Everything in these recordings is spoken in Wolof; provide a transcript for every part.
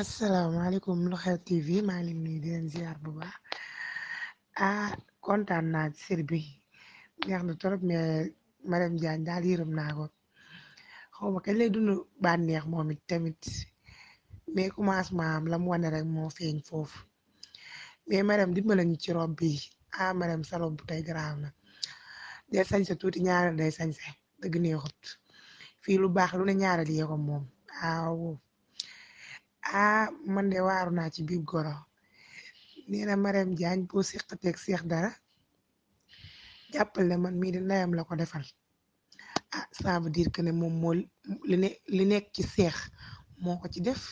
asalaamaaleykum lu xew TV maa ngi di leen ziar bu baax ah kontaan naa ci bi neex na trop mais madame Diagne daal yërëm naa ko xaw ma kañ lay dund bànneex moom it tamit mais commencement am la mu wane rek moo feeñ foofu mais madame dimbala ñu ci rob bi ah madame sa rob bu tey garaaw na day sañse tuuti ñaareel day sañse dëgg neexut fii lu baax lu ne ñaareel yee ko moom ah man de waaru naa ci biib goro nee na Marème Diagne boo seqateeg seex dara jàppal ne man mii di ndeyam la ko defal ah ça veut dire que ne moom moo li li nekk ci seex moo ko ci def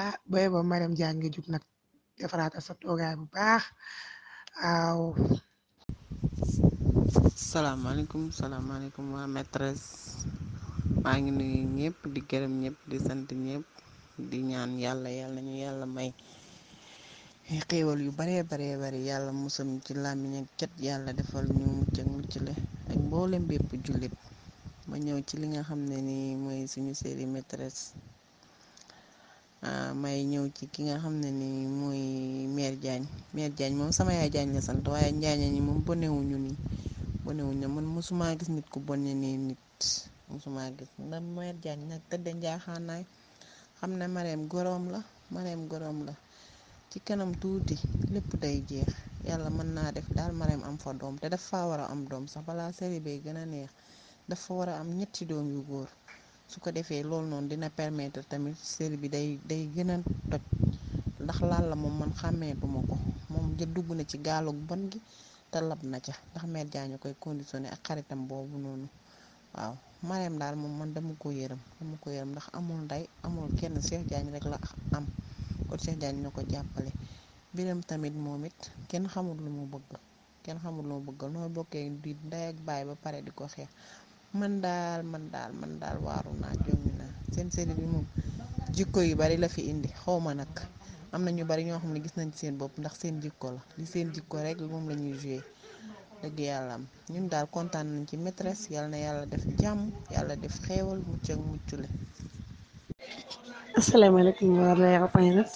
ah bay ba Marème Diagne nga jug nag defaraatal sa toogaay bu baax waaw. salaamaaleykum salaamaaleykum waa maîtresse maa ngi nuyu ñëpp di gërëm ñëpp di sant ñëpp. di ñaan yàlla yàlla ñu yàlla may xéewal yu baree baree bari yàlla musal ci làmmiñ ak cat yàlla defal ñu mucc ak mucc la ak mboolem bépp jullit ma ñëw ci li nga xam ne ni mooy suñu série maîtresse ah, may ñëw ci ki nga xam ne ni mooy mère Diagne mère Diagne moom sama yaay Diagne la sant waaye njaaña ñi moom bonewuñu nii bonewuñu ne man mosumaa gis nit ku bone nii nit mosumaa gis ndax mère Diagne nag tëdd njaaxaanaay xam ne mareem goroom la mareem goroom la ci kanam tuuti lépp day jeex yàlla mën naa def daal mareem am fa doom te dafa war a am doom sax balaa série bee gën a neex dafa war a am ñetti doom yu góor su ko defee loolu noonu dina permettre tamit série bi day day gën a toj ndax laal la moom man xàmmeetuma ko moom ja dugg na ci gaalu bon gi te lab na ca ndax mère Diagne koy conditionné ak xaritam boobu noonu waaw Marème daal moom man dama koo yërëm dama ko yërëm ndax amul ndey amul kenn Cheikh Diagne rek la am kon Cheikh Diagne ko jàppale biram tamit moom it kenn xamul lu mu bëgg kenn bëgg noo bokkee di ndey ak baay ba pare di ko xeex man daal man daal man daal waaru naa jommi seen série jikko yu bari la fi indi xaw ma nag am na ñu bari ñoo xam ne gis nañ seen bopp ndax seen jikko la li seen jikko rek moom la ñuy joué dëgg yàlla am ñun daal kontaan nañ ci maîtresse yàlla na yàlla def jàmm yàlla def xéewal mucc ak muccule asalaamaaleykum war la yàlla point net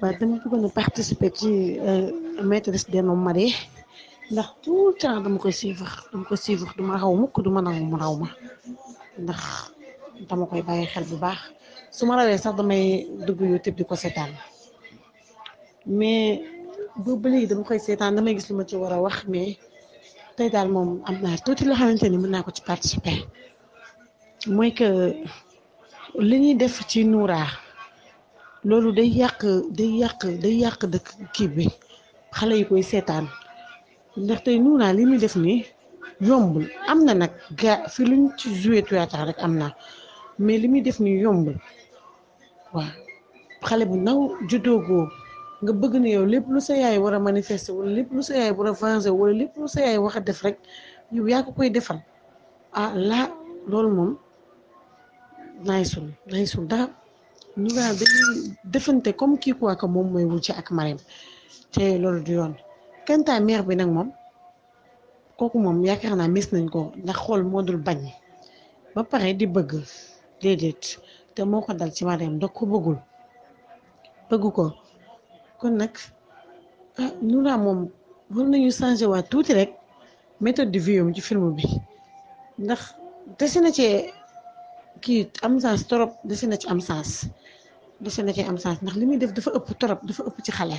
waaye participer ci euh, maîtresse d'un homme marié ndax tout le temps dama koy suivre duma raw mukk duma nangu mu raw ma ndax dama koy bàyyi xel bu baax su ma rawee sax damay dugg YouTube di ko seetaan mais du ba léegi dama koy seetaan damay gis lu ci war a wax mais tey daal moom am naa tuuti loo xamante ni mën naa ko ci participer mooy que li ñuy def ci nuuraa loolu day yàq day yàq day yàq dëkk kii bi xale yi koy seetaan ndaxte tey Noura li muy def nii yombul am na nag gaa fi luñ ci joué théâtre rek am naa mais li muy def nii yombul waaw xale bu ndaw judoogoo nga bëgg ne yow lépp lu sa yaay war a manifester wala lépp lu sa yaay war a venger wala lépp lu sa wax a def rek yow yaa ko koy defal ah laa loolu moom nay sul naay sul dara ñu nga dañuy defante comme kii quoi moom mooy ci ak Marème te loolu du yoon kanta mère bi nag moom kooku moom yaakaar naa mis nañ ko ndax xool moo dul bañ ba pare di bëgg déedéet te moo ko dal ci Marème da ko bëggul bëgg ko kon nag ah moom war nañu changé waa tuuti rek méthode de vie ci film bi ndax dese na cee kii am sens trop dese na ci am sens dese na cee am sens ndax li muy def dafa ëpp trop dafa ëpp ci xale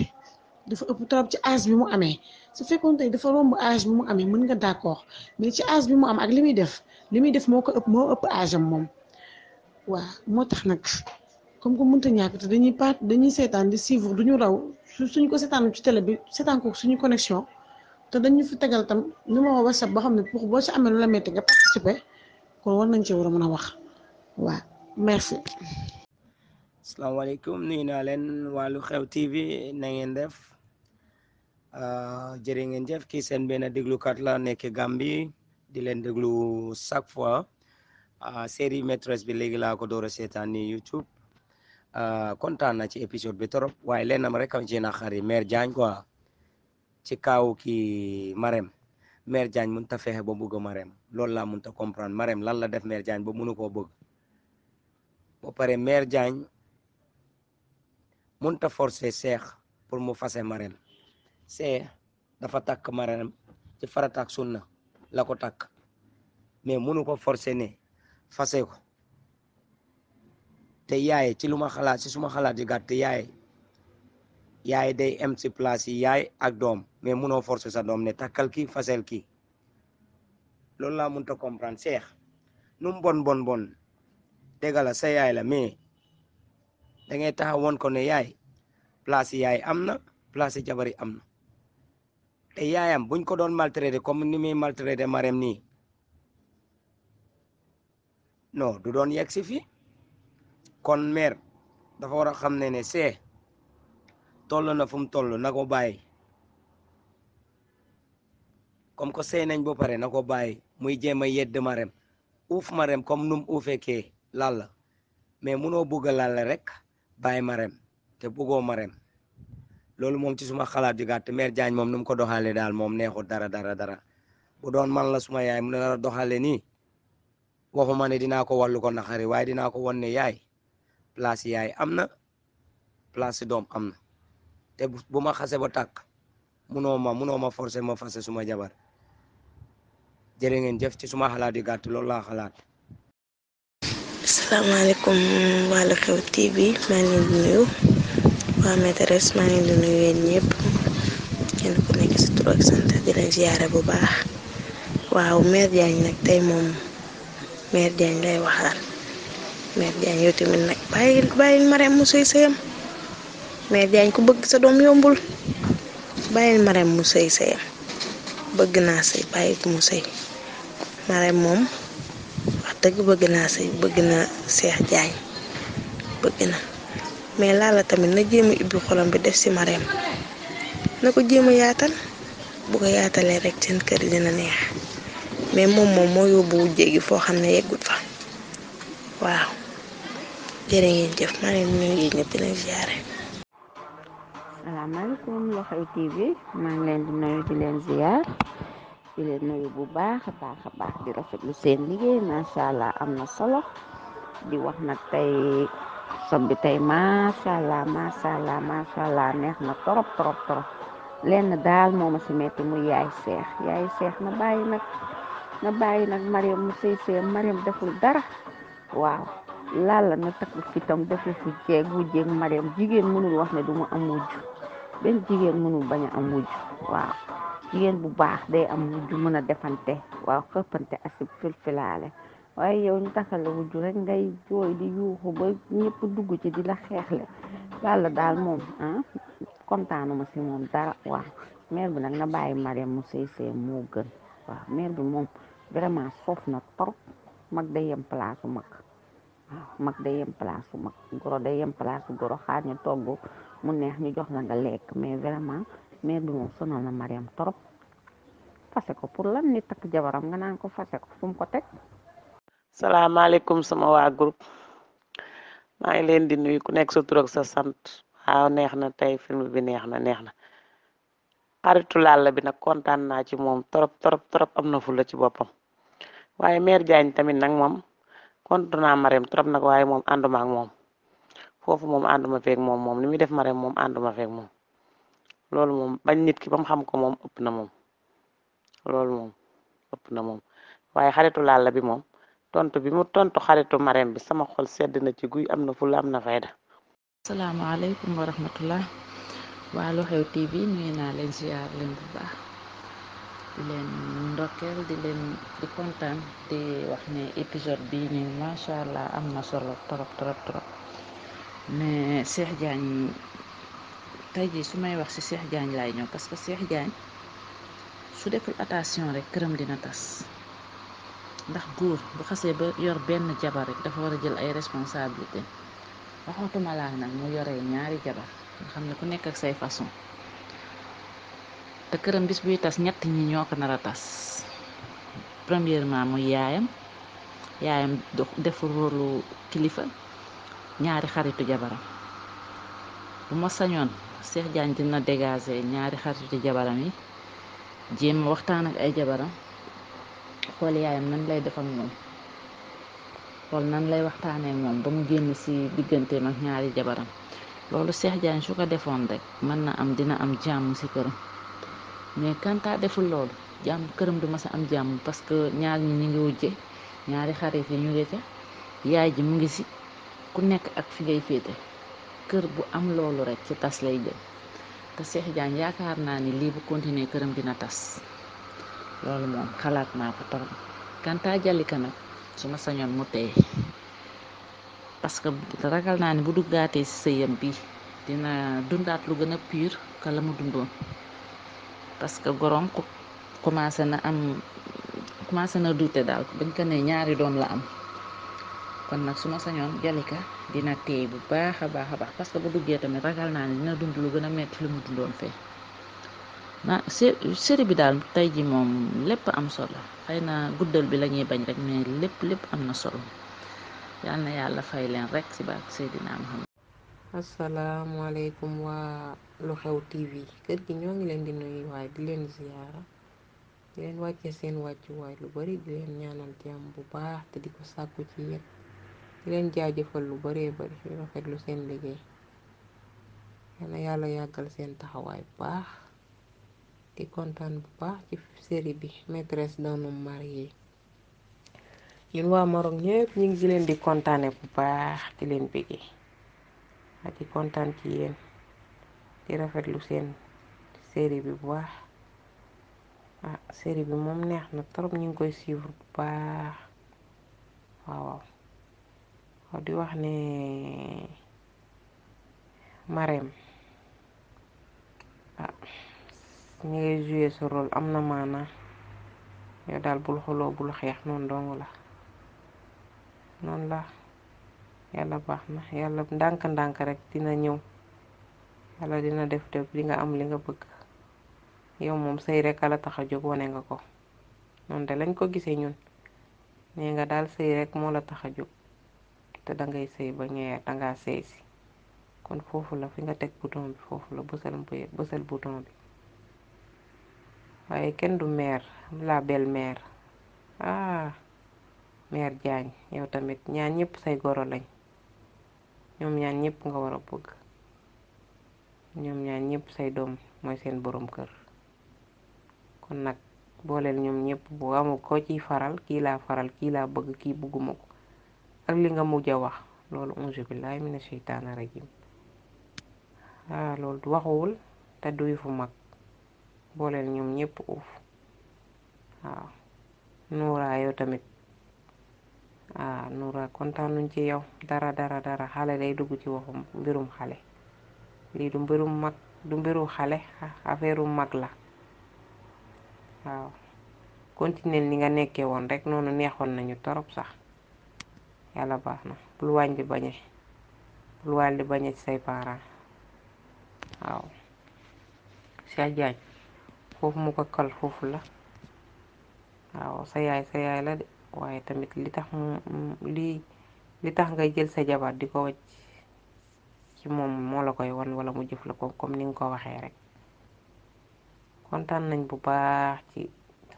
dafa ëpp trop ci âge bi mu amee su fekkoon tey dafa romb âge bi mu amee mën nga d'accord mais ci âge bi mu am ak li muy def li muy def moo ko ëpp moo ëpp âge am moom waa moo tax nag. comme que mënta ñàkk te dañuy part dañuy seetaan di suivre du ñu raw suñ ko seetaanu ci télé bi seetaan ko suñu connexion te dañu fi tegal tam numéro whatsapp boo xam ne pour boo ci la metti nga participer kon war nañ ci war a a wax waaw merci. asalaamaaleykum nuyu naa leen wàllu xew TV na ngeen def ah, jërë ngeen jëf kii seen benn déglukat la nekk Gambie di leen déglu chaque fois ah, série maîtresse bi léegi laa ko door a seetaan ni YouTube. Euh, kontaan na ci épisode bi trop waaye lennam rek am ci naqari maire Diagne quoi ci kaaw ki Marème maire Diagne mënut fexe ba bëgg Marème loolu laa mënut a comprendre Marème lan la def maire Diagne ba mënu koo bëgg pare maire Diagne mënut a forcer pour mu fase Marème Cheikh dafa takk Marème ci farataak sunna la ko takk mais mënu ko forcer ne fase ko te yaay ci lu ma xalaat si suma xalaat yu gàtt yaay yaay day am si place yi yaay ak doom mais munoo forcer sa doom ne takkal kii fasel kii loolu laa mënut a comprendre seex nu mu bon bon bon dégg sa yaay la mais da ngay taxaw woon ko ne yaay place yi yaay am na place yi jabar yi am na te yaayam buñ ko doon maltraité comme ni muy maltraité Marème nii non du doon yegg si fii. kon maire dafa war a xam ne ne see toll na fu mu toll na ko bàyyi comme que sey nañ ba pare na ko bàyyi muy jéem a yedd marem uuf marem comme num uufee kee laal la mais munoo bëgg a laal rek bàyyi marem te bëggoo marem loolu moom ci suma xalaat ju gàtt maire Diagne moom nu mu ko doxalee daal moom neexul dara dara dara bu doon man la suma yaay mu ne la doxalee nii waxuma ne dinaa ko wallu ko naxari waaye dinaa ko won ne yaay place yaay am na place doom am na te bu ma xase ba tàkk munoo ma munoo ma forcé ma fase suma jabar jërë ngeen jëf ci suma xalaat yu gàtt loolu laa xalaat asalaamaaleykum waa Lu Xew TV maa ngi leen nuyu waa maîtresse kenn ku nekk si tur ak sant bu baax waaw mère Diagne nag tey moom mère Diagne lay waxal mère Diagne yow tamit nag bàyyi bàyyil Marème mu sëy sëyam mère Diagne bëgg sa doom yombul bàyyil Marème mu sëy sëyam bëgg naa mu sëy Marème moom wax bëgg naa sëy bëgg na Cheikh Diagne bëgg na mais Lalla tamit na jéem a xolam bi def ci Marème na ko jéem yaatal bu ko yaatalee rek seen kër dina neex mais moom moom moo yóbbu wujjee gi foo xam ne yeggut fa waaw jërë ngeen jëf maa ngi leen nuyu leen TV maa ngi leen di nuyu di leen ziar di leen nuyu bu baax a baax di rafet di seen liggéey macha allah am na solo di wax nag tey som bi tey macha allah macha allah macha allah neex na trop trop trop lenn daal moo ma si metti mu yaay seex yaay seex na bàyyi nag na bàyyi nag Mariam mu sëy Mariam deful dara waaw. laala na takku fitam defu fi jeeg wujjeeg mareem jigéen mënul wax ne du mu am wujj benn jigéen mënul bañ a am wujj waaw jigéen bu baax day am wujj mën a defante waaw xëppante asib filfilaale waaye yow ñu takkal la wujj rek ngay jooy di yuuxu ba ñëpp dugg ci di la xeexle laala daal moom ah kontaanuma si moom dara waaw mère bi nag na bàyyi mareem mu sëy sëy moo gën waaw mère bi moom vraiment soof na trop mag day yem place mag mag day yem place su mag goro day yem place su goro xaar ñu togg mu neex ñu jox na nga lekk mais vraiment mais du moom sonal na Mariam trop fase ko pour lan ni takk jabaram nga naan ko fase ko fu ko teg salaamaaleykum sama waa groupe maa leen di nuyu ku nekk sa tur ak sa sant neex na tey film bi neex na neex na xaritu Lalla bi nag kontaan naa ci moom trop trop trop am na la ci boppam waaye mère Diagne tamit nag moom contre naa Marème trop nag waaye moom ànduma ak moom foofu moom ànduma feeg moom moom ni muy def Marème moom ànduma feeg moom loolu moom bañ nit ki ba xam ko moom ëpp na moom loolu moom ëpp na moom waaye xaritu Lalla bi moom tontu bi mu tontu xaritu Marème bi sama xol sedd na ci guy am na fulla am na fayda asalaamaaleykum wa rahmatullah waa Xew TV nuyu naa leen ziar leen bu baax di leen ndokkeel di leen di kontaan te wax ne épisode bii nii macha allah am na solo trop trop trop mais Cheikh Diagne tey jii su may wax ci seex Diagne laay ñëw parce que Cheikh Diagne su deful attention rek këram dina tas ndax góor bu xasee ba yor benn jabar rek dafa war a jël ay responsabilité waxatuma laa nag mu yoree ñaari jabar nga xam ne ku nekk say façon te këram bis buy tas ñett ñi ñoo ko nar a tas premièrement muy yaayam yaayam defu rôlu kilifa ñaari xaritu jabaram bu ma sañoon Cheikh Diagne dina dégager ñaari xaritu jabaram yi jéem waxtaan ak ay jabaram xool yaayam nan lay def moom xool nan lay waxtaanee moom ba mu génn ci digganteem ak ñaari jabaram loolu Cheikh Diagne su ko defoon rek mën na am dina am jàmm ci këram mais kanta deful loolu jàmm këram du mas a am jàmm parce que ñaar ñi ñu ngi wujje ñaari xarit yi ñu ngi ca yaay ji mu ngi si ku nekk ak fi ngay féete kër bu am loolu rek ci tas lay jëm te Cheikh Diagne yaakaar naa ni lii bu continuer këram dina tas loolu moom xalaat naa ko trop kanta Jalika nag su ma sañoon mu tey parce que ragal naa ni bu duggaatee si yem bi dina dundaat lu gën a pire que la mu dundoon parce que gorom commencé na am commencé na duute daal bañ ko ne ñaari doom la am kon nag su ma sañoon Jalika dina teey bu baax a baax a baax parce que bu duggee tamit ragal naa ne dina dund lu gën a metti lu mu dundoon fee na ah, bi daal tey ji moom lépp am solo xëy na guddal bi lañuy bañ rek mais lépp lépp am na solo yal yàlla fay leen rek si baak Seydina Muhammad asalaamaaleykum waa lu xew tv kër gi ñoo ngi leen di nuyu waay di leen ziyaara di leen wàcce seen wàccuwaay lu bari di leen ñaanal jàmm bu baax te di ko sàkku ci yéen di leen jaajëfal lu baree bari di rafet lu seen liggéey yana yàlla yàggal seen taxawaay bu baax di kontaan bu baax ci série bi maîtresse d'un homme marié ñun waa moroom ñëpp ñu ngi leen di kontaane bu baax di leen bëggee ak di kontaan ci yéen di rafetlu seen série bi bu baax ah série bi moom neex na trop ñu ngi koy suivre bu baax waaw waaw di wax ne Marème ah ñi ngay joué sa am na maana yow daal bul xuloo bul xeex noonu dong la noonu la yàlla baax na yàlla bu ndànk-ndànk rek dina ñëw yàlla dina def def li nga am li nga bëgg yow moom sëy rek a la tax a jóg wane nga ko noonu de lañ ko gisee ñun nee nga daal sëy rek moo la tax a jóg te dangay sëy ba ñëwaat dangaa sëy si kon foofu la fi nga teg bouton bi foofu la bësal bësal bi waaye kenn du mère la belle mère ah mère Diagne yow tamit ñaan ñëpp say goro lañ ñoom ñaan ñëpp nga war a bëgg ñoom ñaan ñëpp say doom mooy seen boroom kër kon nag booleel ñoom ñëpp bu amul ko ci faral kii laa faral kii laa bëgg kii bëgguma ko ak li nga mujj a wax loolu unge billahi mina sheytaana rajim ah loolu waxuwul te duy fu mag booleel ñoom ñëpp uuf waaw ah, nuuraa tamit ah Noura kontaan nuñ ci yow dara dara dara xale day dugg ci waxu mbirum xale lii du mbirum mag du mbiru xale affaireu mag la waaw continuer ni nga nekke woon rek noonu neexoon nañu torop sax yàlla baax na bul wàññi bañe bul wàññi bañe ci say waaw Cheikh Diagne foofu mu ko kal foofu la waaw sa yaay sa yaay la de waaye tamit li tax li tax ngay jël sa jabar di ko wacc ci moom moo la koy wan wala mu jëf la ko comme ni nga ko waxee rek kontaan nañ bu baax ci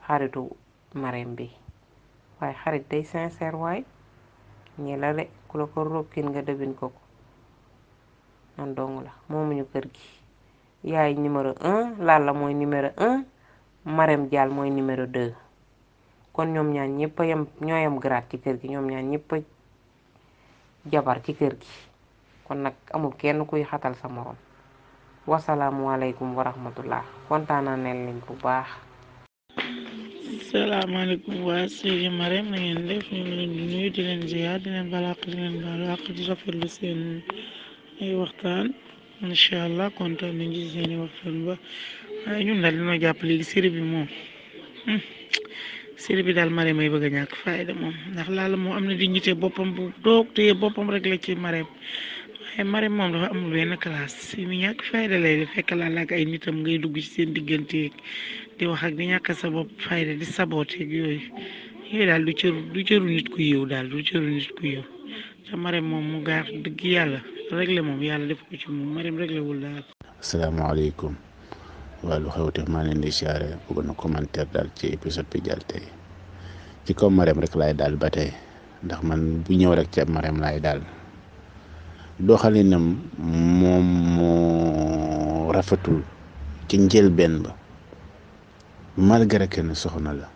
xaritu Marème bi waaye xarit day sincère waay ñi la le ku la ko rokkin nga debin ko ko nan dong la moomuñu kër gi yaay numéro en un la mooy numéro un Marème Dial mooy numéro deux kon ñoom ñaan ñëpp a yem ñoo yem grade ci kër gi ñoom ñaan ñëpp jabar ci kër gi kon nag amul kenn kuy xatal sa morom wasalaamualeykum wa rahmatullah kontaan naa ne leen bu baax. salaamaaleykum waa Sidi Marème na ngeen def ñu ngi leen di moom. Hmm. série bi daal Marème ay bëgg a ñàkk fayda moom ndax Lalla moo am na dignité boppam bu doog téye boppam rek la ci Marème waaye Marème moom dafa amul benn classe yi mu ñàkk fayda lay def fekk Lalla ak ay nitam ngay dugg ci seen digganteeg di wax ak di ñàkk sa bopp fayda di sabooteeg yooyu yooyu daal du cëru du cëru nit ku yiw daal du cëru nit ku yiw te Marème moom mu gaar dëgg yàlla réglé moom yàlla def ko ci moom Marème réglé wul daal. asalaamaaleykum. wàllu xewteef ma leen di siyaare bëggoon na commentaire daal ci épisode bi jàll tey ci kaw Marème rek laay daal ba tey ndax man bu ñëw rek ca Marème lay daal doxalinam moom moo rafetul ci njëlbeen ba malgré que soxna la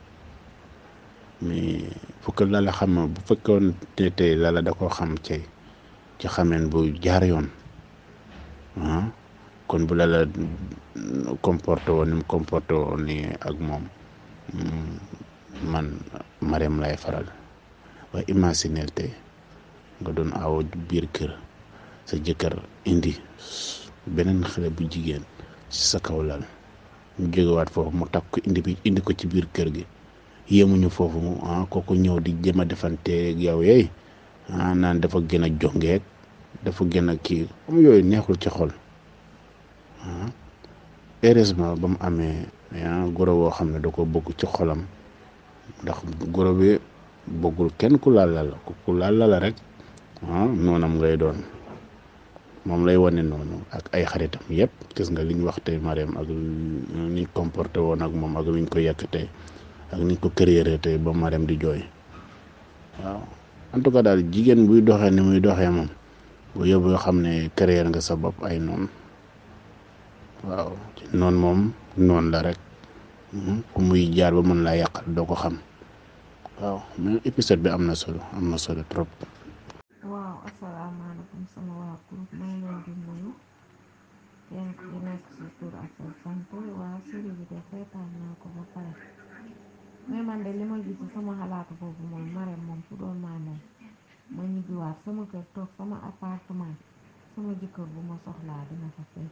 mais fukk la la xam bu fekkoon te tey lala da koo xam cey ci xameen bu jaar yoon ah kon bu la la comporté woon ni mu comporté woon ak moom mm, man Marème lay faral waaye imaginel te nga doon aw biir kër sa jëkkër indi beneen xale bu jigéen sa kaw lal mu jógewaat foofu mu takk ko indi bi indi ko ci biir kër gi yéemuñu foofu mu ah, kooku ñëw di jëm a defanteeg yow yeey ah naan dafa gën a jongeeg dafa gën a kii am yooyu neexul ci xol heureusement ba mu amee goro woo xam ne da ko bëgg ci xolam ndax goro bi bëggul kenn ku laal la ku laal la rek ah noonam ngay doon moom lay wane noonu ak ay xaritam yëpp gis nga liñ wax tey Mariam ak niñ comporté woon ak moom ak liñ ko yekk tey ak niñ ko créer tey ba Mariam di jooy waaw en tout cas daal jigéen buy doxee ni muy doxee moom bu yóbboo xam ne créer nga sa bopp ay noon waaw noonu moom noon la rek fu hmm? muy jaar ba mën laa yàqal doo ko xam waaw mais épisode bi am na solo am na solo trop. waaw asalaamaaleykum sama waa groupe maa ko ba pare mais man de li ma gis sama xalaatu boobu mooy Marème moom su doon maa moom ma ñibbiwaat sama kër toog sama appartement sama jëkkër bu ma soxlaa dina fa seet.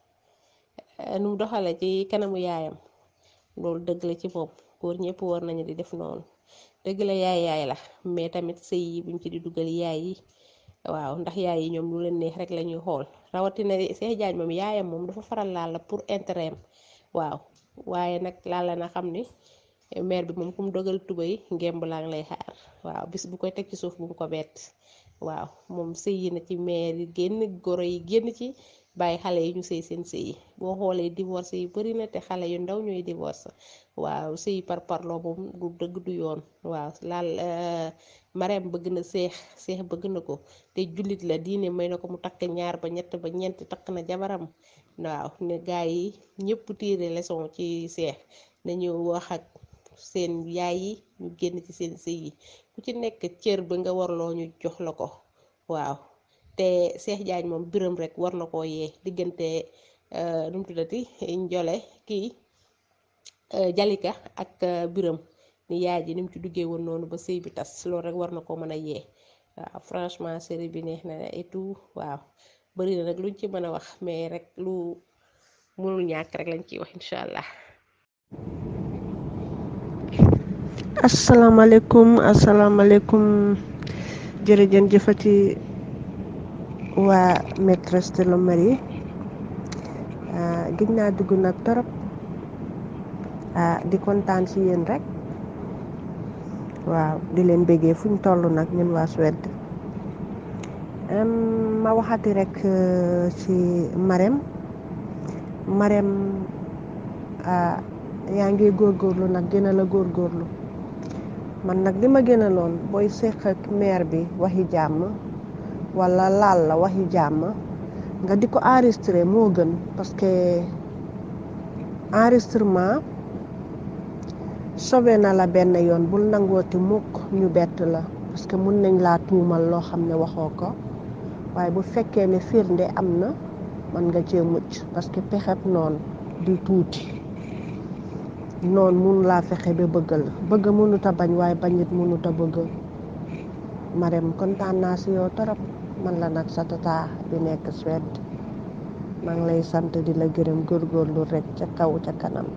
Eh, nu mu doxalee ci kanamu yaayam loolu dëgg la ci bopp góor ñëpp war nañu di def noonu dëgg la yaay yaay la mais tamit sëy yi buñ ci di duggal yaay yi waaw ndax yaay yi ñoom lu leen neex rek la ñuy xool rawatina Cheikh Diagne moom yaayam moom dafa faral laal la pour intérêt waaw waaye nag laal la na xam ni maire bi moom ku mu dogal tubay ngemb laa lay xaar waaw bis bu koy teg ci suuf bu mu ko bett waaw moom sëy na ci maire génn goro yi génn ci. bàyyi xale yi ñu sëy seen sëy yi boo xoolee divorce yi bëri na te xale yu ndaw ñooy divorce waaw sëy par parloo moom du dëgg du yoon waaw laal euh, mareem bëgg na seex seex bëgg na ko te jullit la diine may na ko mu takk ñaar ba ñett ba ñeent takk na jabaram waaw ne gaa yi ñëpp tiire leçon ci seex nañu wax ak seen yaay yi ñu génn ci seen sëy yi ku ci nekk cër ba nga warloo ñu jox la ko waaw te Cheikh Diagne moom biram rek war na koo yee diggante euh, nu mu tuddati njole kii euh, Jalika ak euh, biram ni yaay ji ni mu ci duggee woon noonu ba sëy bi tas loolu rek war na ko mën a yee waaw franchement série bi neex na et tout waaw bëri nag luñ ci mën a wax mais rek lu mënul ñàkk rek lañ ciy wax incha allah. asalaamaaleykum asalaamaaleykum jërëjëf jëfati waa maîtresse de l'homme marié ah, gëj naa dugg nag torop ah, di kontaan ci yéen rek waaw di leen fu fuñ toll nag ñun waa Suède ma waxati rek ah, ci Marème Marème yaa ngi góorlu nag gën a la góorgóorlu man nag li ma gën a loon booy séq ak bi waxi jàmm wala laal la wax yu jàmm nga di ko enregistrer moo gën parce que enregistrement sauvé na la benn yoon bul nangoo nangooti mukk ñu bett la parce que mun nañ laa tuumal loo xam ne waxoo ko waaye bu fekkee ne firnde am na mën nga cee mucc parce que pexeb noonu di tuuti noon mun laa fexe ba bëgg la bëgg mënut a bañ waaye bañit mënut a bëgg Marème kontaan naa si yow torop man la nag sa tata bi nekk Suède maa ngi lay sant di la gërëm góorgóorlu rek ca kaw ca kanam